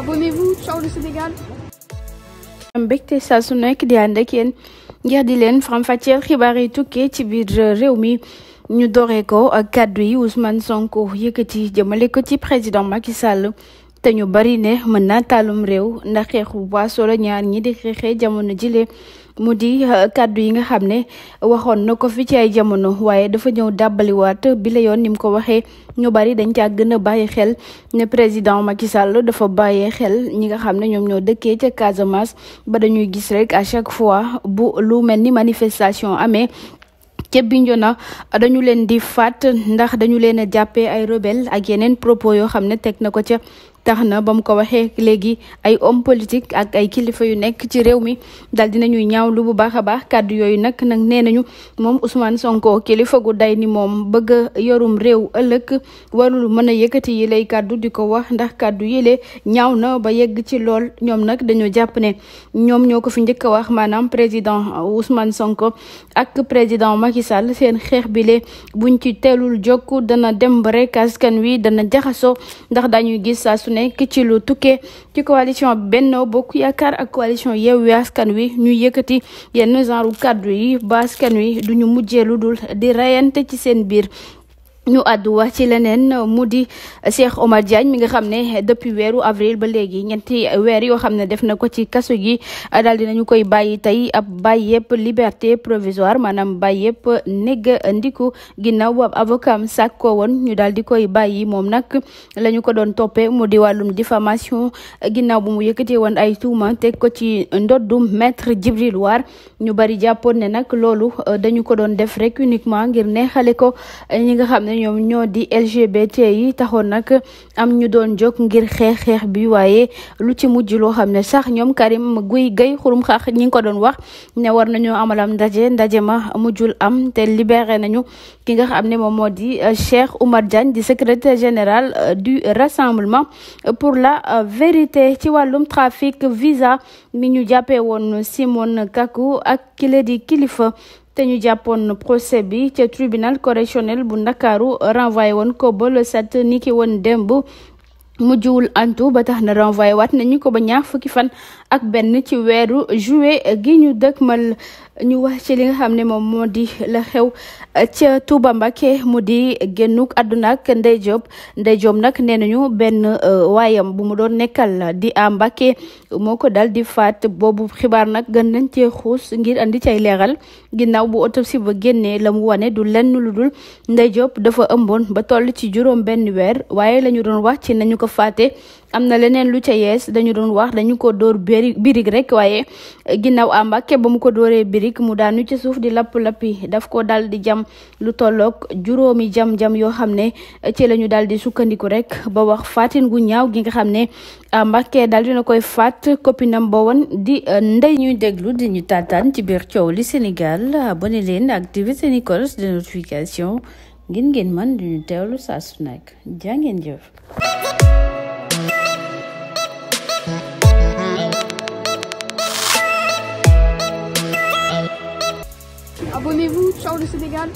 abonnez-vous ciao le su nekk di ànd ak di leen faram-fàcceel xibaar yi tukkee ci biir réew mi. ñu dooree ko ak kàddu yi Ousmane Sonko yëkkati jëmale ko ci président Macky Sall te ñu bari ne mën naa taalum réew ndax xeexu waaso la ñaar ñi di xeexee jamono jile mu di uh, kàddu yi nga xam ne waxoon na ko fi ci ay jamono waaye dafa ñëw dàbbaliwaat bi la yoon ni mu ko waxee ñu bari dañ caa gën a bàyyi xel ne président Macky Sall dafa bàyyee xel ñi nga xam ne ñoom ñoo dëkkee ca Casamance ba dañuy gis rek à chaque fois bu lu mel ni manifestation amee. ca Bignona dañu leen di faat ndax dañu leen a jàppee ay rebelle ak yeneen propos yoo xam ne teg na ko ca tax na ba mu ko waxee léegi ay homme politique ak ay kilifa yu nekk ci réew mi dal ñaaw lu bu baax a baax kàddu yooyu nag nag nee nañu moom Ousmane Sonko kilifa gu day ni moom bëgg yorum réew ëllëg warul mën a yëkkati yi lay kàddu di ko wax ndax kàddu yile ñaaw na ba yegg ci lool ñoom nag dañoo jàpp ne ñoom ñoo ko fi njëkk a wax maanaam président usman Sonko ak président Macky Sall seen xeex bile buñ ci teelul jokk dana dem ba rek askan wi dana jaxasoo su nekk ci lu tukkee ci coalition Benno Bokk Yaakaar ak coalition Yewwi Askan Wi ñuy yëkkati yenn genre kàddu yi ba askan wi duñu mujjee lu dul di rayante ci seen biir ñu àddu wax ci leneen mu di Cheikh Omar Diagne mi nga xam ne depuis weeru avril ba léegi ñetti weer yoo xam ne def na ko ci kaso gi daal dinañu koy bàyyi tey ab bàyyi yëpp liberté provisoire maanaam bàyyi yëpp négg ndiku ginnaaw ab avocat am sàkkoo woon ñu daal di koy bàyyi moom nag la ñu ko doon toppee mu di wàllum diffamation ginnaaw bu mu yëkkatee woon ay tuuma teg ko ci ndoddu maître Djibril ñu bari jàppoon ne nag loolu dañu ko doon def rek uniquement ngir ñom ñoo di LGBT yi taxoon nak am ñu doon jox ngir xex xex bi lu ci mujj sax Karim Guy Gay xurum xax ñi ko doon wax ne war nañu amalam ndaje ndaje ma mujjul am té libéré nañu ki nga xam mom modi Cheikh Oumar Diagne di secrétaire général euh, du rassemblement pour la euh, vérité ci walum trafic visa mi ñu jappé Simone Kaku ak kile di kilifa te ñu jàppoon procès bi ca tribunal correctionnel bu ndakaaru renvoyé woon ko ba le sept niki woon démb mujjuwul antu ba tax na renvoyé waat nañu ko ba ñaar fukki fan ak benn ci weeru juillet gi ñu dëkkmal ñu wax ci li nga xam ne moom moo di la xew ca Touba Mbacké mu di génnuk àdduna ak Ndeye Diop Ndeye Diop nag nee nañu benn euh, waayam bu mu doon nekkal di a Mbacké moo ko dal di faat boobu xibaar nag gën nañ cee xuus ngir andi cay leeral ginnaaw bu autopsie ba génnee la mu wane du lenn lu dul Ndeye Diop dafa ëmboon ba toll ci juróom benn weer waaye lañu doon wax ci nañu ko faate am na leneen lu ca yees dañu doon wax dañu ko dóor birig rek waaye eh, ginnaaw à Mbàkke ba mu ko dooree birig mu daanu ci suuf di lapp lappi daf ko dal di jam lu tollook juróomi jam-jam yoo xam ne eh, ci la ñu daal sukkandiku rek ba wax faatin gu ñaaw gi nga xam ne à Mbàkke dina koy faat copinam ba wan di eh, ndey ñuy déglu di ñu taataan ci biir coow li Sénégal abonné leen activé seen cloche de ngeen ngeen man duñu teewlu saa su nekk jàngeen jëf Abonnez-vous, ciao le Sénégal